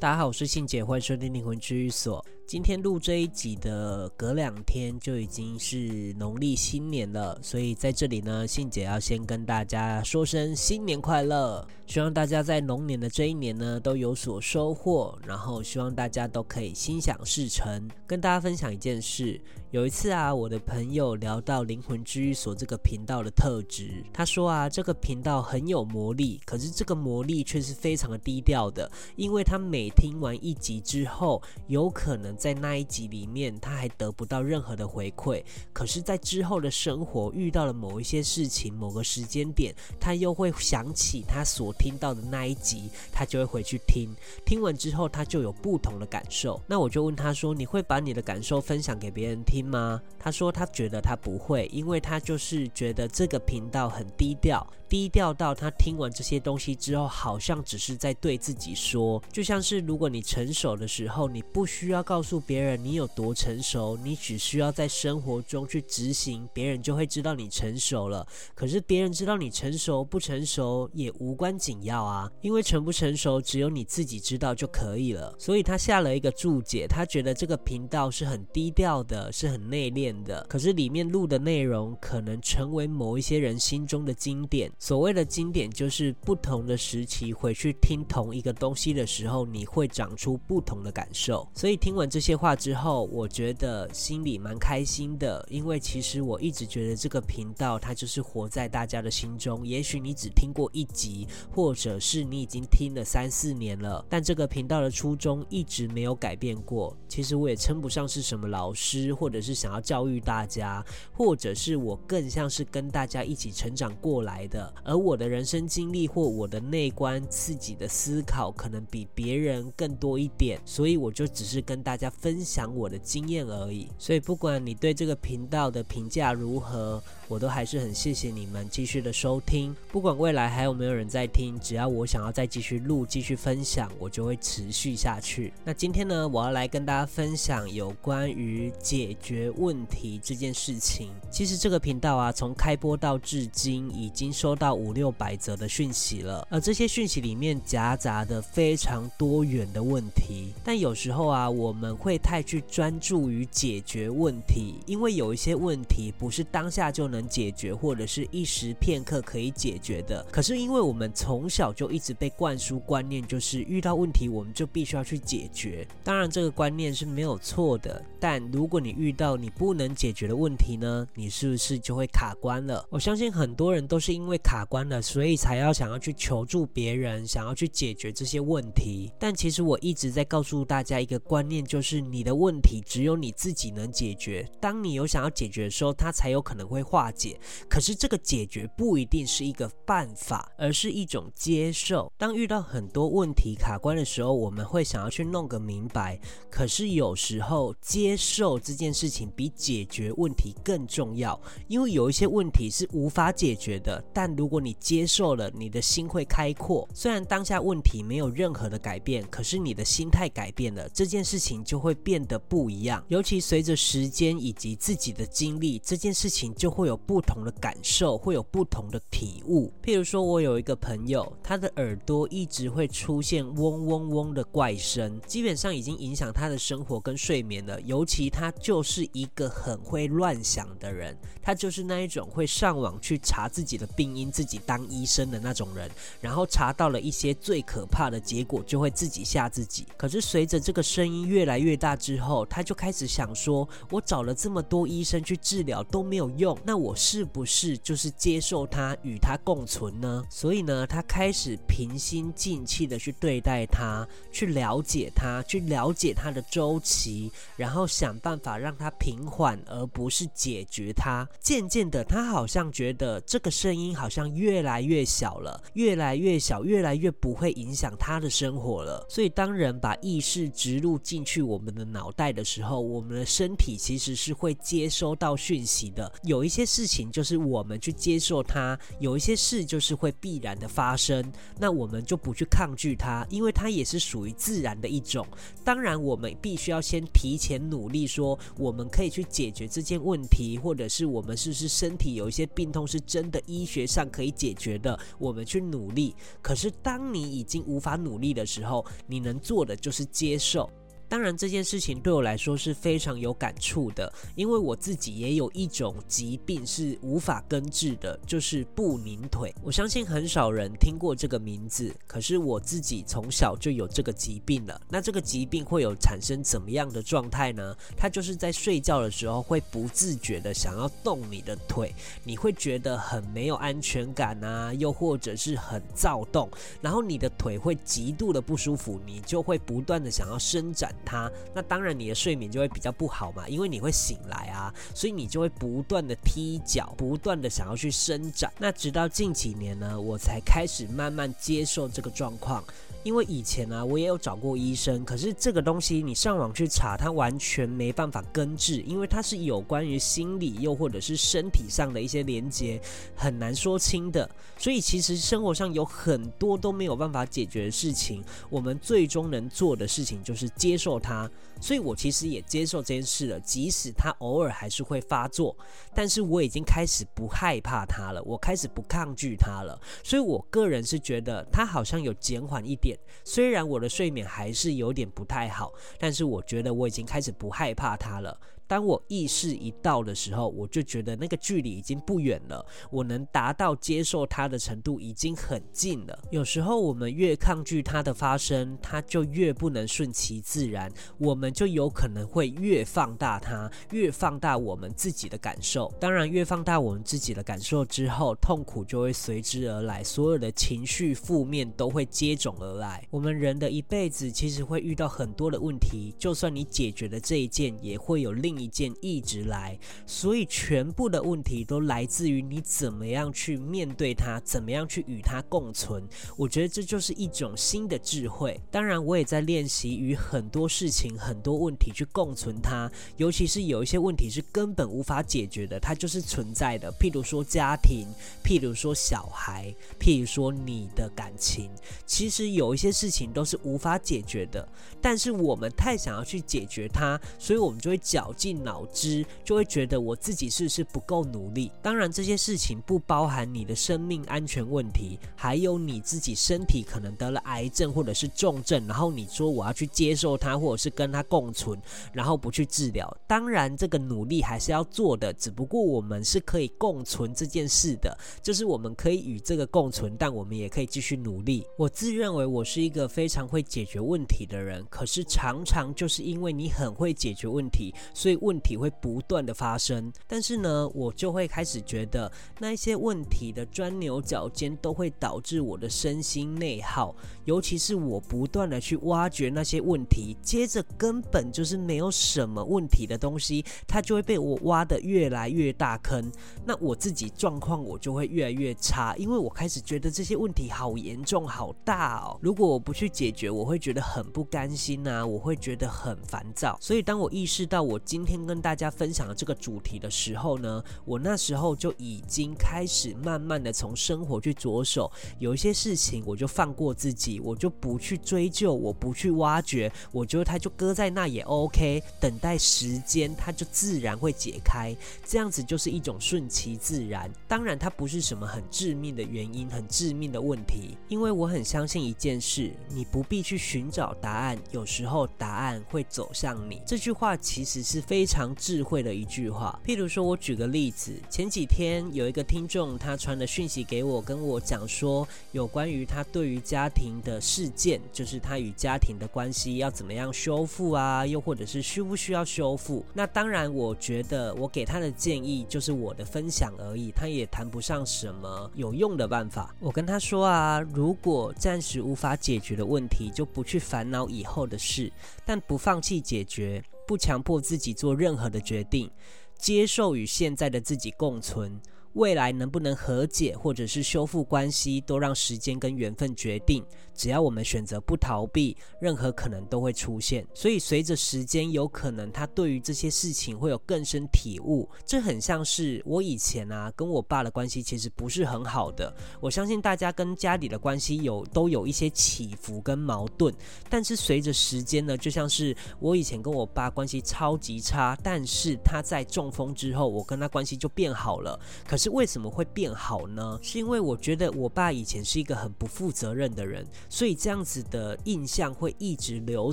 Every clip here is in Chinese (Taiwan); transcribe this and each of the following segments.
大家好，我是心姐，歡迎收聽《靈魂治癒所》。今天錄這一集的隔兩天就已經是農曆新年了，所以在這裡呢，信姐要先跟大家說聲新年快樂，希望大家在龍年的這一年呢都有所收穫，然後希望大家都可以心想事成。跟大家分享一件事，有一次啊，我的朋友聊到靈魂治癒所這個頻道的特質，他說啊，這個頻道很有魔力，可是這個魔力卻是非常的低調的，因為他每聽完一集之後，有可能。在那一集裡面，他還得不到任何的回饋。可是，在之後的生活遇到了某一些事情，某個時間點，他又會想起他所聽到的那一集，他就會回去聽。聽完之後，他就有不同的感受。那我就問他說：“你會把你的感受分享給別人聽嗎？”他說他覺得他不會，因為他就是覺得這個頻道很低調。低調到他聽完這些東西之後，好像只是在對自己說，就像是如果你成熟的時候，你不需要告訴別人你有多成熟，你只需要在生活中去執行，別人就會知道你成熟了。可是別人知道你成熟不成熟也無關緊要啊，因為成不成熟只有你自己知道就可以了。所以他下了一個注解，他覺得這個頻道是很低調的，是很內斂的，可是裡面錄的內容可能成為某一些人心中的經典。所謂的經典，就是不同的時期回去聽同一個東西的時候，你會長出不同的感受。所以聽完這些話之後，我覺得心裡蠻開心的，因為其實我一直覺得這個頻道它就是活在大家的心中。也許你只聽過一集，或者是你已經聽了三四年了，但這個頻道的初衷一直沒有改變過。其實我也稱不上是什麼老師，或者是想要教育大家，或者是我更像是跟大家一起成長過來的。而我的人生經歷或我的內觀，自己的思考可能比別人更多一點，所以我就只是跟大家分享我的經驗而已。所以不管你對這個頻道的評價如何。我都還是很謝謝你們繼續的收聽，不管未來還有沒有人在聽，只要我想要再繼續錄、繼續分享，我就會持續下去。那今天呢，我要來跟大家分享有關於解決問題這件事情。其實這個頻道啊，從開播到至今，已經收到五六百則的訊息了，而這些訊息裡面夾雜的非常多元的問題。但有時候啊，我們會太去專注於解決問題，因為有一些問題不是當下就能。能解決或者是一時片刻可以解決的，可是因為我們從小就一直被灌輸觀念，就是遇到問題我們就必須要去解決。當然這個觀念是沒有錯的，但如果你遇到你不能解決的問題呢，你是不是就會卡關了？我相信很多人都是因為卡關了，所以才要想要去求助別人，想要去解決這些問題。但其實我一直在告訴大家一個觀念，就是你的問題只有你自己能解決。當你有想要解決的時候，它才有可能會化。解，可是這個解決不一定是一個辦法，而是一種接受。當遇到很多問題卡關的時候，我們會想要去弄個明白。可是有時候，接受這件事情比解決問題更重要，因為有一些問題是無法解決的。但如果你接受了，你的心會開闊。雖然當下問題沒有任何的改變，可是你的心態改變了，這件事情就會變得不一樣。尤其隨着時間以及自己的經歷，這件事情就會有。不同的感受會有不同的體悟。譬如說，我有一個朋友，他的耳朵一直會出現嗡嗡嗡的怪聲，基本上已經影響他的生活跟睡眠了。尤其他就是一個很會亂想的人，他就是那一種會上網去查自己的病因，自己當醫生的那種人。然後查到了一些最可怕的結果，就會自己嚇自己。可是隨着這個聲音越來越大之後，他就開始想說：我找了這麼多醫生去治療都沒有用，那我……我是不是就是接受它，與它共存呢？所以呢，他開始平心靜氣的去對待它，去了解它，去了解它的周期，然後想辦法讓它平緩，而不是解決它。漸漸的，他好像覺得這個聲音好像越來越小了，越來越小，越來越不會影響他的生活了。所以，當人把意識植入進去我們的腦袋的時候，我們的身體其實是會接收到訊息的。有一些。事情就是我們去接受它，有一些事就是會必然的發生，那我們就不去抗拒它，因為它也是屬於自然的一種。當然，我們必須要先提前努力，說我們可以去解決這件問題，或者是我們是不是身體有一些病痛，是真的醫學上可以解決的，我們去努力。可是，當你已經無法努力的時候，你能做的就是接受。當然，這件事情對我來說是非常有感觸的，因為我自己也有一種疾病是無法根治的，就是不寧腿。我相信很少人聽過這個名字，可是我自己從小就有這個疾病了。那這個疾病會有產生怎麼樣的狀態呢？它就是在睡覺的時候會不自覺的想要動你的腿，你會覺得很沒有安全感啊，又或者是很躁動，然後你的腿會極度的不舒服，你就會不斷的想要伸展。他那當然你的睡眠就會比較不好嘛，因為你會醒來啊，所以你就會不斷的踢腳，不斷的想要去伸展。那直到近幾年呢，我才開始慢慢接受這個狀況。因為以前呢、啊，我也有找過醫生，可是這個東西你上網去查，它完全沒辦法根治，因為它是有關於心理又或者是身體上的一些連接，很難說清的。所以其實生活上有很多都沒有辦法解決的事情，我們最終能做的事情就是接受。受他，所以我其實也接受這件事了。即使他偶爾還是會發作，但是我已經開始不害怕他了，我開始不抗拒他了。所以我個人是覺得他好像有減緩一點，雖然我的睡眠還是有點不太好，但是我覺得我已經開始不害怕他了。當我意識一到的時候，我就覺得那個距離已經不遠了，我能達到接受它的程度已經很近了。有時候我們越抗拒它的發生，它就越不能順其自然，我們就有可能會越放大它，越放大我們自己的感受。當然，越放大我們自己的感受之後，痛苦就會隨之而來，所有的情緒負面都會接踵而來。我們人的一輩子其實會遇到很多的問題，就算你解決了這一件，也會有另。一件一直來，所以全部的問題都來自於你怎麼樣去面對它，怎麼樣去與它共存。我覺得這就是一種新的智慧。當然，我也在練習與很多事情、很多問題去共存。它，尤其是有一些問題是根本無法解決的，它就是存在的。譬如說家庭，譬如說小孩，譬如說你的感情，其實有一些事情都是無法解決的。但是我們太想要去解決它，所以我們就會絞盡。盡腦汁，就會覺得我自己是不是不夠努力？當然，這些事情不包含你的生命安全問題，還有你自己身體可能得了癌症或者是重症，然後你說我要去接受它，或者是跟它共存，然後不去治療。當然，這個努力還是要做的，只不過我們是可以共存這件事的，就是我們可以與這個共存，但我們也可以繼續努力。我自認為我是一個非常會解決問題的人，可是常常就是因為你很會解決問題，所以。問題會不斷的發生，但是呢，我就會開始覺得那一些問題的鑽牛角尖都會導致我的身心內耗，尤其是我不斷的去挖掘那些問題，接着根本就是沒有什麼問題的東西，它就會被我挖得越來越大坑，那我自己狀況我就會越來越差，因為我開始覺得這些問題好嚴重、好大哦。如果我不去解決，我會覺得很不甘心啊，我會覺得很煩躁。所以當我意識到我今天跟大家分享的這個主題的時候呢，我那時候就已經開始慢慢的從生活去着手，有一些事情我就放過自己，我就不去追究，我不去挖掘，我覺得它就擱在那也 OK，等待時間它就自然會解開，這樣子就是一種順其自然。當然，它不是什麼很致命的原因，很致命的問題，因為我很相信一件事，你不必去尋找答案，有時候答案會走向你。這句話其實是。非常智慧的一句話。譬如說，我舉個例子，前幾天有一個聽眾，他傳了訊息給我，跟我講說，有關於他對於家庭的事件，就是他與家庭的關係要怎麼樣修復啊，又或者是需不需要修復？那當然，我覺得我給他的建議就是我的分享而已，他也談不上什麼有用的辦法。我跟他說啊，如果暫時無法解決的問題，就不去煩惱以後的事，但不放棄解決。不強迫自己做任何的決定，接受與現在的自己共存。未來能不能和解或者是修復關係，都讓時間跟緣分決定。只要我們選擇不逃避，任何可能都會出現。所以，隨着時間，有可能他對於這些事情會有更深體悟。這很像是我以前啊，跟我爸的關係其實不是很好的。我相信大家跟家裡的關係有都有一些起伏跟矛盾，但是隨着時間呢，就像是我以前跟我爸關係超級差，但是他在中風之後，我跟他關係就變好了。可可是為什麼會變好呢？是因為我覺得我爸以前是一個很不負責任的人，所以這樣子的印象會一直留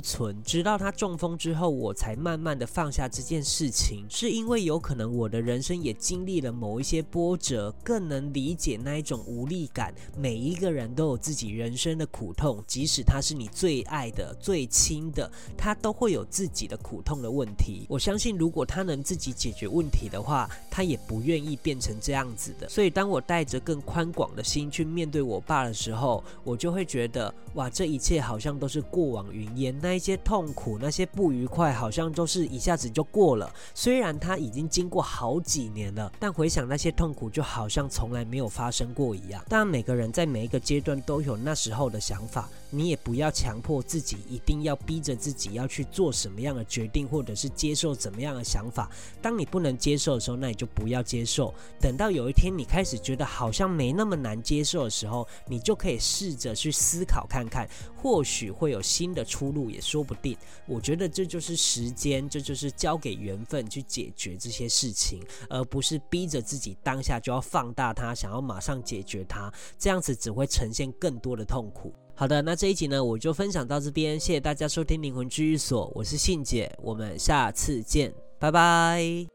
存，直到他中風之後，我才慢慢地放下這件事情。是因為有可能我的人生也經歷了某一些波折，更能理解那一種無力感。每一個人都有自己人生的苦痛，即使他是你最愛的、最親的，他都會有自己的苦痛的問題。我相信，如果他能自己解決問題的話，他也不願意變成這樣。樣子的，所以當我帶着更寬廣的心去面對我爸的時候，我就會覺得哇，這一切好像都是過往雲煙，那一些痛苦、那些不愉快，好像都是一下子就過了。雖然他已經經過好幾年了，但回想那些痛苦，就好像從來沒有發生過一樣。但每個人在每一個階段都有那時候的想法，你也不要強迫自己，一定要逼着自己要去做什麼樣的決定，或者是接受怎麼樣的想法。當你不能接受的時候，那你就不要接受，等到。到有一天你開始覺得好像沒那麼難接受的時候，你就可以試着去思考看看，或許會有新的出路也說不定。我覺得這就是時間，這就是交給緣分去解決這些事情，而不是逼着自己當下就要放大它，想要馬上解決它，這樣子只會呈現更多的痛苦。好的，那這一集呢，我就分享到這邊，謝謝大家收聽《靈魂治癒所》，我是信姐，我們下次見，拜拜。